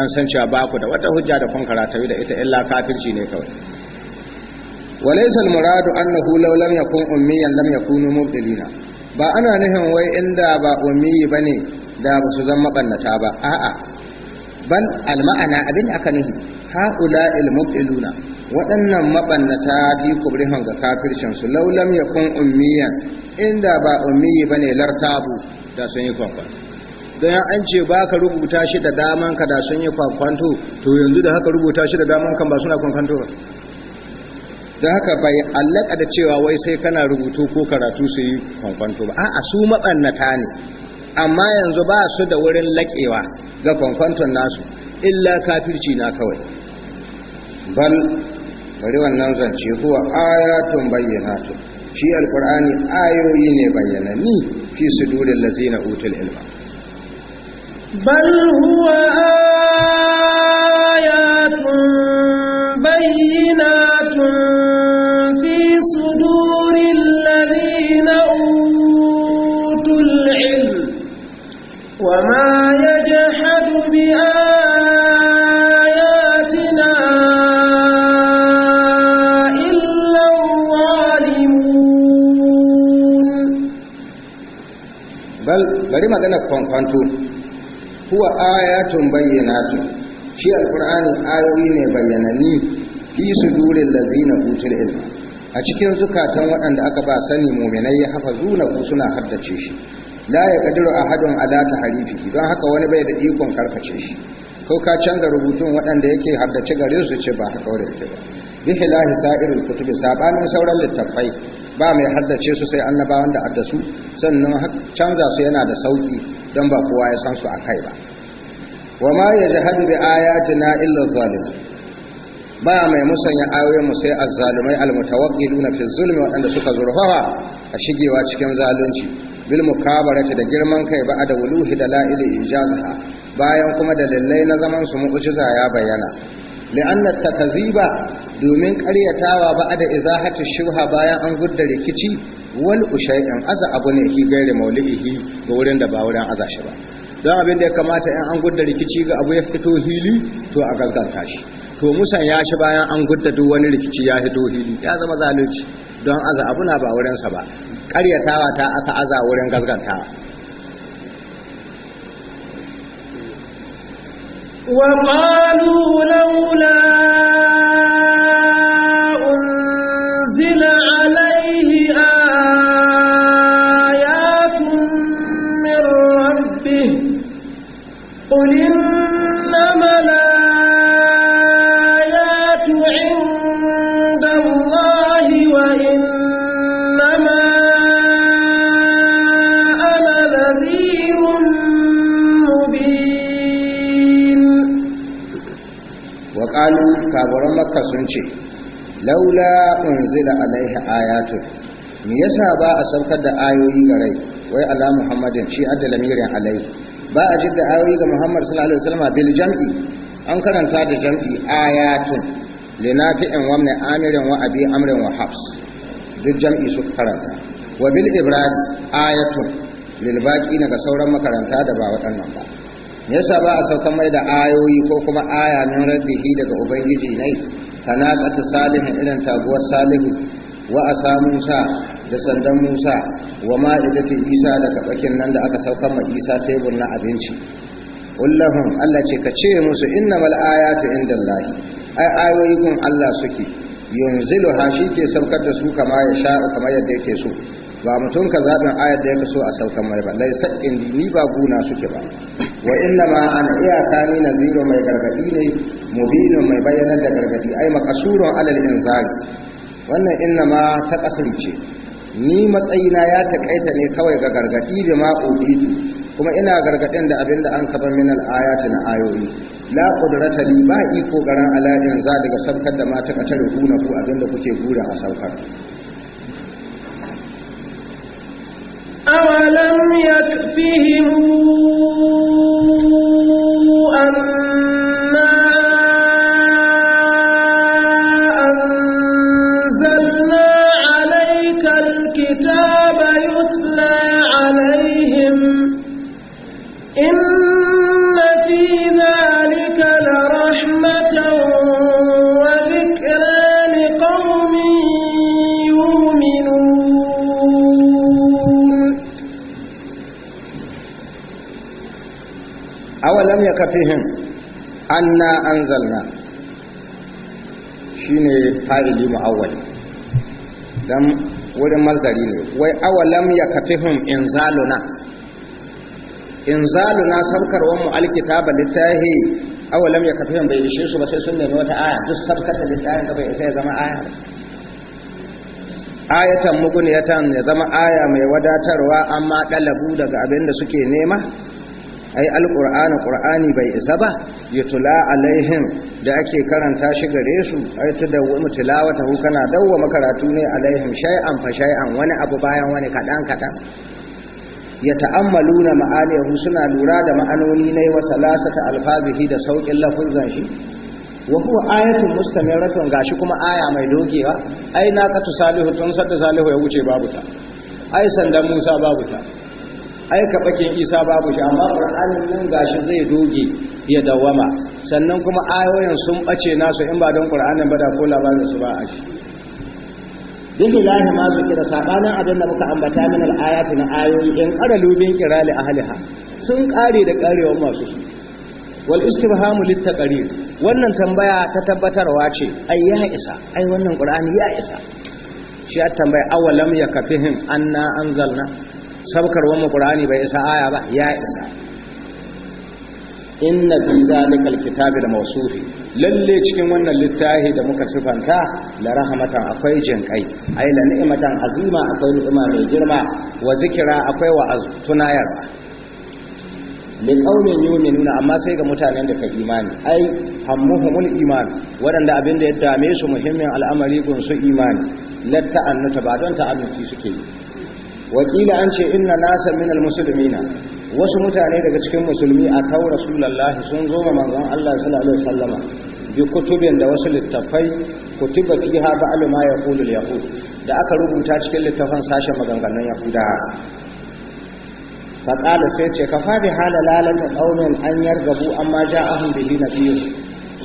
Speaker 2: an san cewa ba ku da wata hujja da kun karatawi da ita illa kafirci ne kawai وليس al-muradu لو لم يكن أميا لم يكون yakunu mubtilina ba ana nufin wai inda ba ummi bane da ba su zama ba a'a bal al-ma'ana abin aka nufi haula al-mubtiluna waɗannan mabannata bi kubrihan ga kafircin su law lam da sun don an ce ba ka rubuta shi da daman ka da sun yi kwankwanto to yanzu da haka rubuta shi da daman kan ba suna kwankwanto ba Da haka bai allaka da cewa wai sai kana rubutu ko karatu su yi kwankwanto ba a'a su matsannata ne amma yanzu ba su da wurin laƙewa ga kwankwanton nasu illa kafirci na kawai bal bari wannan zance kuwa ayatun tun. shi alkur'ani ayoyi ne ni fi durin lazina utul ilma bal
Speaker 1: huwa ayatun bayyana وما يجحد بآياتنا إلا الظالمون
Speaker 2: بل bari magana kwankwanto huwa ayatun bayyanatu shi ayoyi ne bayyanani fi sudurin lazina hutun ilma a cikin zukatan waɗanda aka ba sani muminai ya hafa zuna ko suna haddace shi la ya kadiru ahadun ala harifi don haka wani bai da ikon karkace shi ko ka canza rubutun waɗanda yake haddace garinsu, su ce ba haka wurin ta ba bi hilahi sa'irul kutubi sabanin sauran littattafai ba mai haddace su sai annabawan da addasu sannan canza su yana da sauki don ba kowa ya san su a kai ba wa ma yajhadu bi ayatina illa zalim ba mai musanya ayoyin mu sai azzalimai almutawaqqiluna fi zulmi waɗanda suka zurfafa a shigewa cikin zalunci bil mukabarati da girman kai ba da wuluhi da la'ili ijazaha bayan kuma da lallai na zaman su mu'jiza ya bayyana li'anna takaziba domin ƙaryatawa ba da izahatu shubha bayan an gudda rikici wal ushay'an aza abu ne hi gairi maulidihi ga wurin da ba wurin aza shi ba don abin da ya kamata in an gudda rikici ga abu ya fito hili to a gazganta shi to musan ya shi bayan an gudda duk wani rikici ya fito hili ya zama zalunci don aza abu na ba wurinsa ba tawa ta aka aza wurin gaskantawa
Speaker 1: وقالوا لولا
Speaker 2: makka sun ce laula unzila alaihi ayatu me yasa ba a saukar da ayoyi ga rai wai ala muhammadin shi adda lamirin alaihi ba a jidda ayoyi ga muhammad sallallahu alaihi wasallam bil jam'i an karanta da jam'i ayatu linafi'in wa min amirin wa abi amrin wa hafs duk jam'i su karanta wa bil ibrad ayatu lil baqina ga sauran makaranta da ba waɗannan ba me yasa ba a saukar mai da ayoyi ko kuma aya nan rabbihi daga ubangiji ne kanaqata salihin irin taguwar salihu wa musa da sandan musa wa ma'idati isa da bakin nan da aka saukar ma isa tebur na abinci kullahum allah ce ka ce musu ta inda indallahi ai ayoyi gun allah suke yunzilu ha shi ke saukar da su kama ya sha'u kama yadda yake so ba mutum ka zaɓin ayar da ya kaso a saukan mai ba laisa ni ba guna suke ba wa inna ma ana iyaka ni naziru mai gargaɗi ne mubinu mai bayyanar da gargaɗi ai makasurun alal zari. wannan inna ma ta ce. ni matsayina ya taƙaita ne kawai ga gargaɗi da ma ubitu kuma ina gargaɗin da abinda an kafa min al'aya ta na ayoyi la qudrata li ba iko garan ala inzali ga sabkar da ma ta guna ku da kuke gura a saukar
Speaker 1: أولم يكفهم أن
Speaker 2: awalam ya an zalna anzalna ne fa'ili mu'awwal don wurin mazari ne wai awalam ya zaluna. In zaluna sabkarwan mu alkitaba littahi awalam ya kafihim bai ishe su ba sai sun nemi wata aya duk sabkar da littafin ka bai isa ya zama aya ayatan muguniyatan ya zama aya mai wadatarwa amma dalabu daga abin da suke nema ai alqur'ani qur'ani bai isa ba tula alaihim da ake karanta shi gare su ai ta dawwamu tilawata hu kana dawwama makaratu ne alaihim shay'an fa shay'an wani abu bayan wani kadan kadan ya ta'ammalu na ma'aniyahu suna lura da ma'anoni na wa salasata alfazihi da sauƙin lafuzan shi wa huwa ayatu mustamiratun gashi kuma aya mai dogewa ai na katu salihu tun sadda salihu ya wuce babu ta ai sandan musa babu ta ai bakin isa babu shi amma qur'anin nan gashi zai doge ya dawama sannan kuma ayoyin sun bace nasu in ba don qur'anin ba da ko labarin su ba a shi billahi ma zikira sabanin abin da muka ambata min al-ayati na ayoyi in lubin kira li ahliha sun kare da karewa masu su wal istibhamu taqrir wannan tambaya ta tabbatarwa ce ai ya isa ai wannan qur'ani ya isa shi ya tambaya awalam yakafihim anna anzalna sabkar mu qur'ani bai isa aya ba ya isa inna fi kitabi da almawsufi lalle cikin wannan littafi da muka sifanta la rahmatan akwai jinkai ai la ni'matan azima akwai ni'ima mai girma wa zikira akwai wa tunayarwa li qaumin yu'minuna amma sai ga mutanen da ka imani ai hammuhumul iman wadanda abin da ya dame su muhimmin al'amari gun su imani latta annata ba don ta'annuti suke yi wakila an ce inna nasa minal musulmina wasu mutane daga cikin musulmi a tau rasulullahi sun zo ma manzon Allah sallallahu alaihi wasallama bi kutubin da wasu littafai kutuba fiha ba'al ma yaqulul yahud da aka rubuta cikin littafan sashen maganganun yahuda faƙala sai ce ka faɗi hala lalata ƙaunin an yargabu amma ja ahun bihi na biyu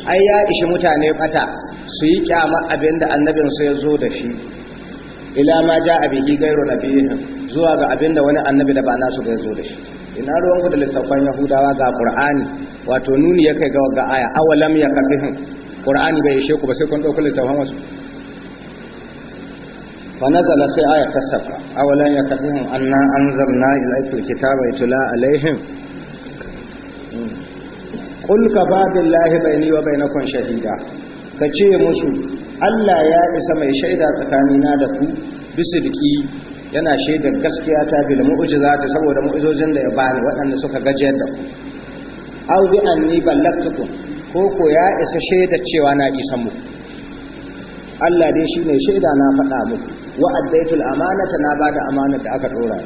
Speaker 2: ai ya ishi mutane bata su yi kyama abinda da annabinsu ya zo da shi ila ma ja a bihi gairo na biyu zuwa ga abin da wani annabi da ba nasu ga zo da shi ina ruwanku da littattafan yahudawa ga qur'ani wato nuni ya kai ga ga aya awalam ya kafihin qur'ani bai ishe ku ba sai kun dauki littattafan wasu fa nazala sai aya ta safa awalam ya kafihin anna anzalna ilaikal kitaba yutla alaihim qul kafa billahi baini wa bainakum shahida kace musu Allah ya isa mai shaida tsakanina da ku bisidiki yana shaidar gaskiya ta bil mu'ujiza ta saboda mu'jizojin da ya bani waɗanda suka gajiyar da ku aw bi anni ballagtukum ko ko ya isa shaidar cewa na isa mu. Allah dai shine shaida na faɗa muku wa addaitul amanata na bada amanar da aka dora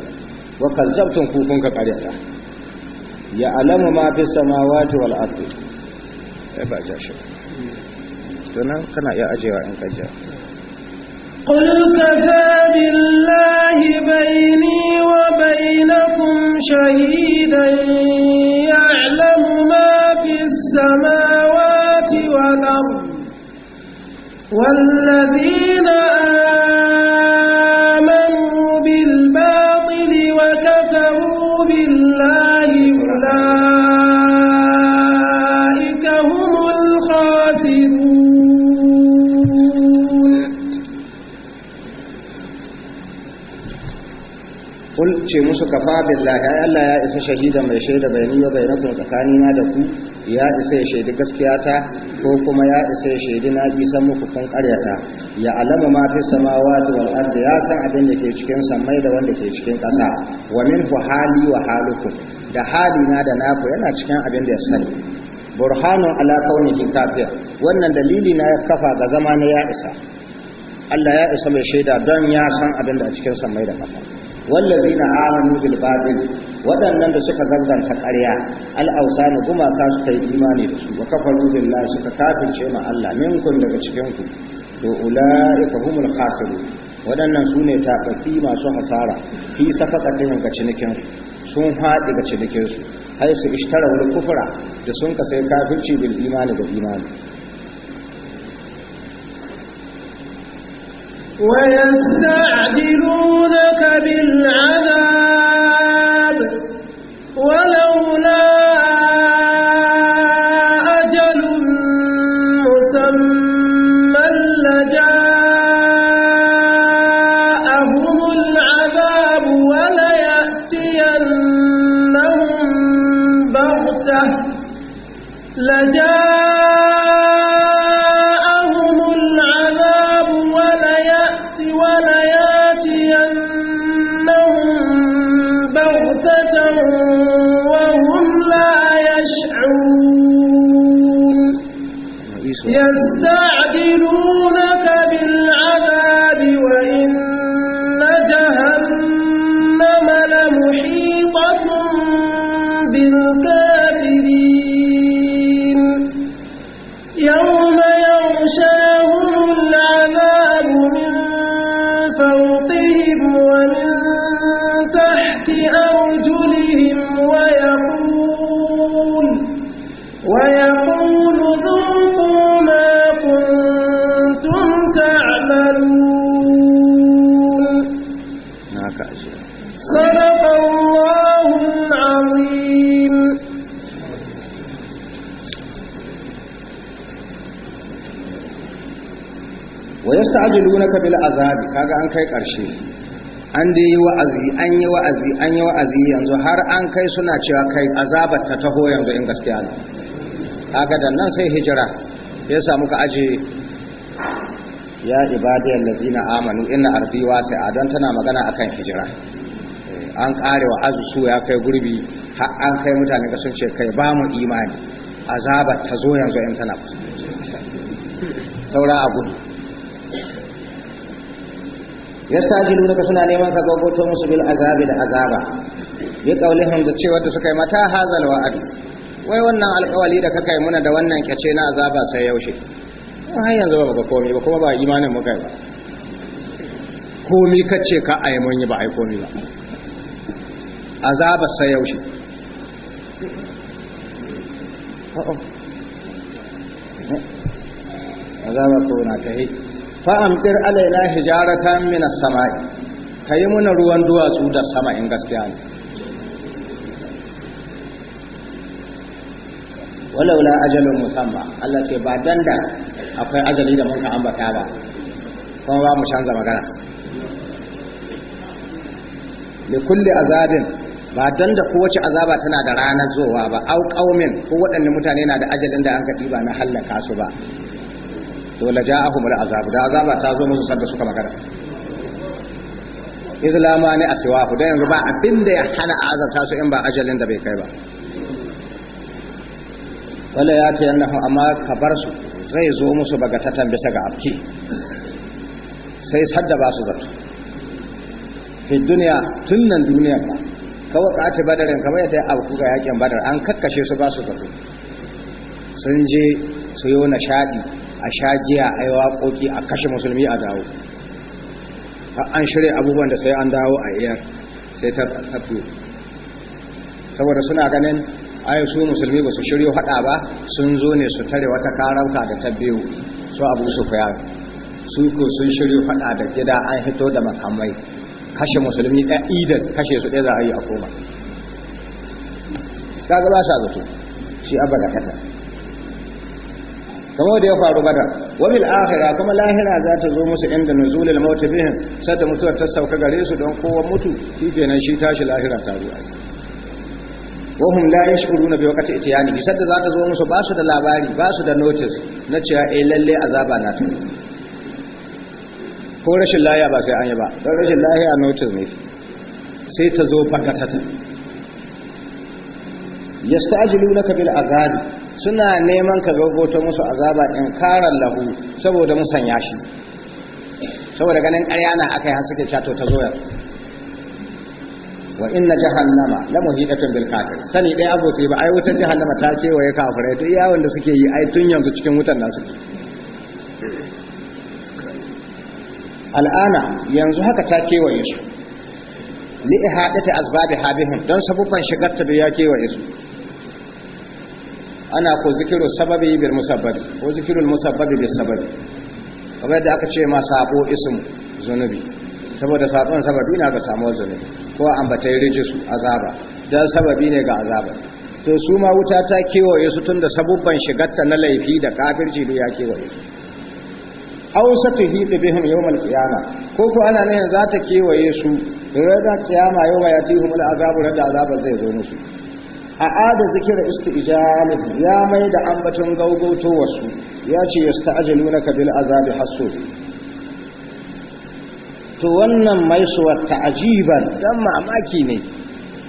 Speaker 2: wa kazzabtum ku kun ka karyata ya alamu ma fi samawati wal ardi ba ja shi to nan kana iya ajewa in kajja
Speaker 1: قل كفى بالله بيني وبينكم شهيدا يعلم ما في السماوات والأرض والذين آمنوا
Speaker 2: ce musu kafa billahi ai Allah ya isa shahida mai shaida bayani ku tsakani tsakanina da ku ya isa ya shaidi gaskiya ta ko kuma ya isa ya shaidi na bi san muku kun karyata ya alama ma fi samawati wal ardi ya san abin da ke cikin samai da wanda ke cikin ƙasa wa min fu hali wa halukum da hali na da naku yana cikin abin da ya sani burhanun ala kaunihi kafir wannan dalili na ya kafa ga zama na ya isa Allah ya isa mai shaida don ya san abin da a cikin samai da ƙasa wallazina amanu bil batil waɗannan da suka zanganta ƙarya al'ausani gumaka suka yi imani da su wa kafaru billahi suka kafince ma Allah minkun daga cikin ku to ulaika humul khasirun waɗannan su ne masu hasara fi safaqatihim ga cinikin sun haɗi ga cinikinsu, su hay su ishtara da sun kasai kafirci bil imani da imani
Speaker 1: ويستعجلونك بالعذاب Because
Speaker 2: ka bil azabi kaga an kai karshe an dai yi wa'azi an yi wa'azi an yi wa'azi yanzu har an kai suna cewa kai azabar ta taho yanzu in gaskiya ne kaga dan nan sai hijira ya samu ka aje ya ibadiyar lazina amanu inna ardi wasi'a Adan tana magana akan hijira eh, an kare wa su ya kai gurbi har an kai mutane ka sun ce kai ba mu imani azabar ta zo yanzu in tana saura a gudu yastajilunaka suna neman ka gogoto musu bil azabi da azaba bi qaulihim da cewa da suka yi mata hazal wa'ad wai wannan alƙawali da kakai muna da wannan kace na azaba sai yaushe har yanzu ba ga komai ba kuma ba imanin muka ba komai kace ka ai mun yi ba ai komai ba azaba sai yaushe oh, oh. Eh? azaba ko na tahi fa'amɗir alaina hijaratan minas sama'i ka yi muna ruwan duwatsu da sama in gaskiya ne walaula ajalin musamman Allah ce ba dan da akwai ajali da muka ambata ba kuma ba mu canza magana da kulle azabin ba dan da kowace azaba tana da ranar zowa ba au ƙaumin ko waɗanne mutane na da ajalin da an ka ba na hallaka su ba to la ja'ahum al'azab da azaba ta zo musu sanda suka magana islama ne a siwahu da yanzu ba abin da ya hana azabta su in ba ajalin da bai kai ba wala ya ta yannahu amma bar su zai zo musu bagatatan bisa ga abki sai sadda ba su zato fi duniya tun nan duniya ba kawai ka ake badarin kamar yadda ya abu ga yakin badar an kakkashe su ba su zato sun je su yi nishaɗi a sha jiya a yi waƙoƙi a kashe musulmi a dawo an shirya abubuwan da sai an dawo a iyar sai ta tafi saboda suna ganin ayi su musulmi ba su shirya haɗa ba sun zo ne su tare wata karauka da ta biyu su abu su fiya su ko sun shirya haɗa da gida an hito da makamai kashe musulmi ɗaya idan kashe su ɗaya za a yi a koma ta gaba sa zato shi abba da kata kamar da ya faru bada wa bil kuma lahira za ta zo musu inda nuzulul maut sai da mutuwar ta sauka gare su don kowa mutu nan shi tashi lahira ta zo wa hum la yashkuruna bi waqti itiyani da za ta zo musu ba su da labari ba su da notice na cewa eh lalle azaba na ta ko rashin lahiya ba sai an yi ba don rashin lahiya notice ne sai ta zo fakatata yasta'jilunaka bil azabi suna neman ka gaggauta musu azaba in karan lahu saboda sanya shi saboda ganin ƙarya na akai har suke cato ta zoya wa inna jahannama la muhidatun bil kafir sani dai abu sai ba ai wutar jahannama ta ce wa ya kafirai to iya wanda suke yi ai tun yanzu cikin wutar nan suke al'ana yanzu haka ta kewaye su li ihadati asbabi habihim don sabuban shigar ta da ya kewaye su ana ko zikiru sababi bil musabbabi ko zikirul musabbabi bil sababi kamar yadda aka ce ma sabo ism zunubi saboda sabon sababi na ga samuwar zunubi ko ambatai rijisu azaba dan sababi ne ga azaba to su ma wuta ta kewaye su tunda sabubban shigarta na laifi da kafirci da ya kewaye aw satuhiqu bihim yawm al-qiyama ko ko ana nan za ta kewaye su ranar kiyama yawma yatihum al-azabu rada azaba zai zo musu a ada zikirar istijali ya mai da ambaton gaugoto wasu ya ce yasta'jilunaka bil azabi hasu to wannan mai wa ta'jiban dan mamaki ne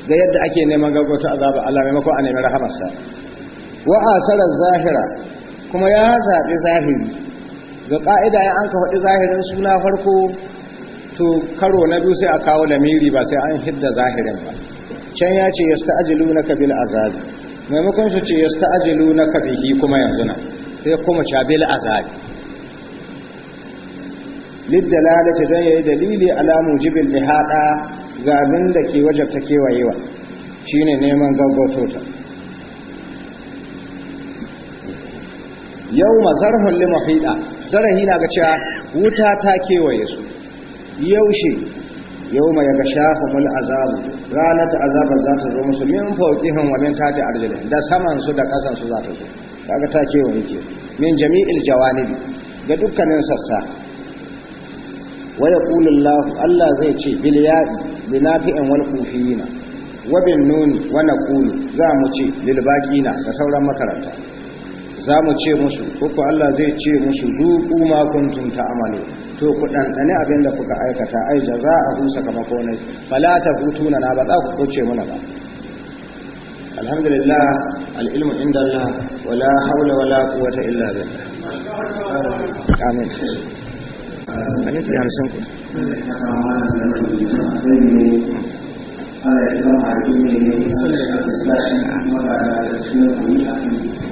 Speaker 2: ga yadda ake neman gaugoto azabi Allah maimakon a nemi rahamarsa wa asara zahira kuma ya zabi zahiri ga ƙa'ida ya anka ka faɗi zahirin suna farko to karo na biyu sai a kawo lamiri ba sai an hidda zahirin ba can ya ce yasta'jilunaka bil azabi maimakon su ce na bihi kuma yanzu na sai kuma cha bil azabi ta dan yayi dalili ala mujibil ihada ga abin da ke ta kewayewa shine neman gaggauto ta yau mazar limahida zarahi na ga cewa wuta ta kewaye su yaushe yau mai ya shafa mul azabu ranar da azabar zata zo musu min fauƙihin wa min tati arjuli da saman su da ƙasan su zo kaga ta ce wani ke min jami'il jawanibi ga dukkanin sassa wa yaqulu Allah Allah zai ce bil ya'i binafi'in wal kufiyina wa bin nuni wa naqulu za mu ce lil baqina da sauran makaranta za mu ce musu koko Allah zai ce musu zuku makuntun ta ta'malu to ku ɗanɗane abin da kuka aikata ai jaza'ahu sakamako ne fala tahutuna na ba za ku kuce muna ba alhamdulillah al'ilmu inda Allah wala haula wala quwwata illa billah amin yi ta yansan ku Allah
Speaker 3: ya da da ta fi shi a a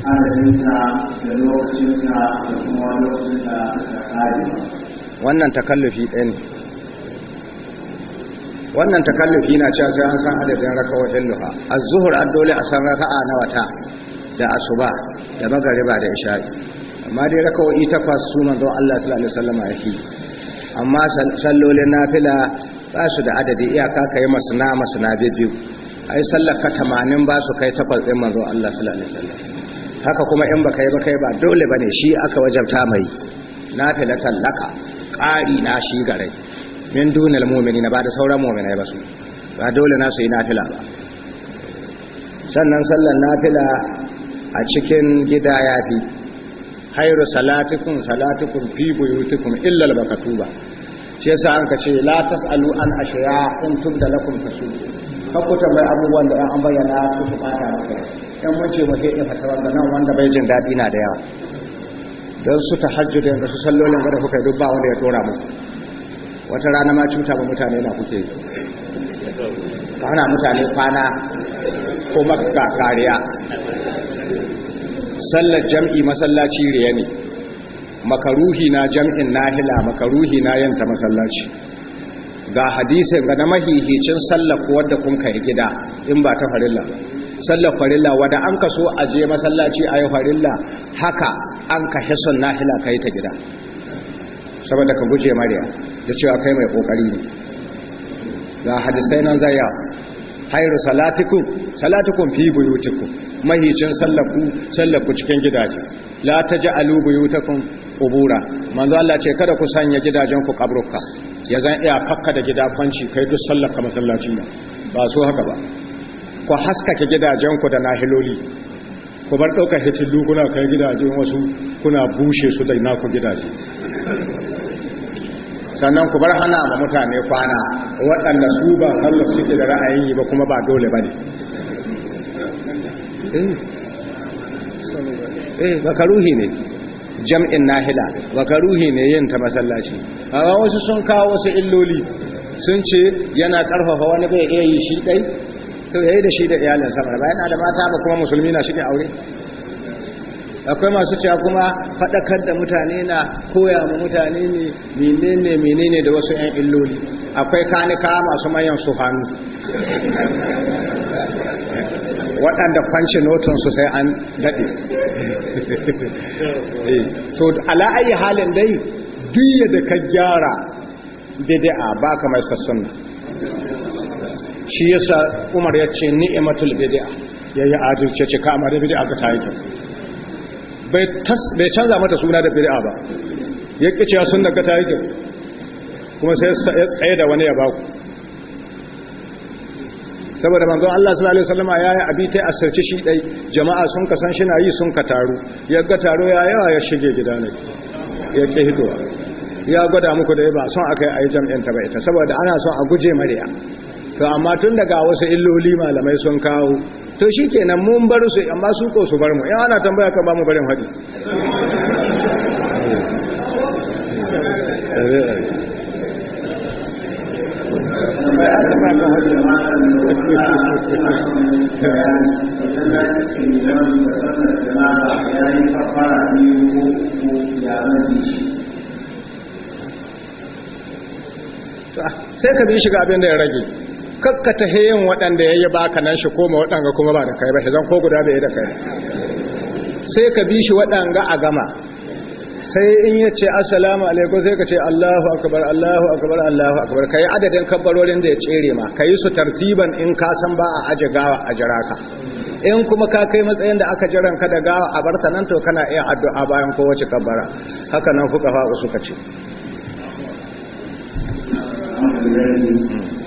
Speaker 3: ta
Speaker 2: wannan takallufi ɗaya ne wannan takallufi na cewa sai an san adadin raka'o'in luha az-zuhur an dole a san a na wata da asuba da magariba da isha'i amma dai ita fasu su manzo Allah sallallahu alaihi ya fi amma sallolin fila, ba su da adadi iyaka yi masana masana biyu ai sallar ka 80 ba su kai takwas din manzo Allah sallallahu alaihi wasallam haka kuma in baka yi baka yi ba dole bane shi aka wajabta mai nafilatan laka ƙari na shi gare min mu'minina ba da sauran mu'minai ba su ba dole na su yi nafila ba sannan sallan nafila a cikin gida ya fi hairu salatikun salatikun fi buyutikum illa albakatuba shi yasa an ka ce la tasalu an ashiya in tubda lakum tasu kakku tambayi abubuwan da an bayyana su su maka yan wance mace ɗin fatawar da nan wanda bai jin daɗi na da yawa don su ta hajji da su sallolin gada kuka duk ba wanda ya tora mu wata rana ma cuta ba mutane na kuke yi na mutane kwana ko maka kariya sallar jam'i masallaci riya ne makaruhi na jam'in nahila makaruhi na yanta masallaci ga hadisin ga na mahihicin sallar kuwa da kun kai gida in ba ta farilla sallar farilla wadda an ka so a je masallaci a yi farilla haka an ka hison nahila ka yi ta gida saboda ka guje mariya da cewa kai mai kokari ne ga hadisai nan zai ya hairu salatikun salatikun fi buyutikun mahicin sallaku sallaku cikin gidaje la ta ji alu buyutakun kubura manzo Allah ce kada ku sanya gidajen ku kabruka ya zan iya kakka da gida kwanci kai duk sallaka masallacin ba so haka ba ku haskake gidajenku da nahiloli ku bar ɗaukar hitillu kuna kai gidajen wasu kuna bushe su da naku gidaje sannan ku bar hana ma mutane kwana waɗanda su ba sallar suke da ra'ayin yi ba kuma ba dole ba ne eh, eh Ruhi ne jam'in nahila Ruhi ne yin ta masallaci amma wasu sun kawo wasu illoli sun ce yana karfafa wani bai iya yi shi dai to yi da shi da iyalin sa ba yana da mata ba kuma musulmi na shi da aure akwai masu cewa kuma fadakar da mutane na koya ma mutane ne menene menene da wasu 'yan illoli akwai kanika masu manyan su hannu waɗanda kwanci notonsu sai an daɗe so eh, ala'ayi halin dai duk da ka gyara bida'a ba kamar sassun. shi yasa umar ya ce ni'matul bid'a yayi adalci ce ka amma da bid'a ka tayi ta bai bai canza mata suna da bid'a ba yake cewa sun daga tayi kuma sai ya tsaye da wani ya baku saboda manzo Allah sallallahu alaihi wasallam ya yi abi tai asirce shi dai jama'a sun ka san na yi sun ka taro ya ga taro ya yawa ya shige gida ne ya ke hitowa ya gwada muku da ba son a yi jam'in ta ba ita saboda ana son a guje mariya to amma tun daga wasu illoli malamai sun kawo to shi kenan mun bar su amma su ko su bar mu in ana tambaya kan ba mu barin haɗi sai ka bi shiga abin da ya rage kakka ta yin waɗanda ya yi baka nan shi koma waɗanga kuma ba da kai ba shi zan ko guda bai da kai sai ka bi shi waɗanga a gama sai in ya ce assalamu alaikum sai ka ce allahu akbar allahu akbar allahu akbar ka yi adadin kabbarorin da ya tsere ma ka yi su tartiban in ka san ba a aje gawa a jira ka in kuma ka kai matsayin da aka jiran ka da gawa a barta nan to kana iya addu'a bayan kowace kabbara haka nan fuka fa'u suka ce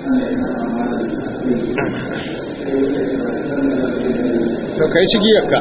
Speaker 3: to kai cigiyarka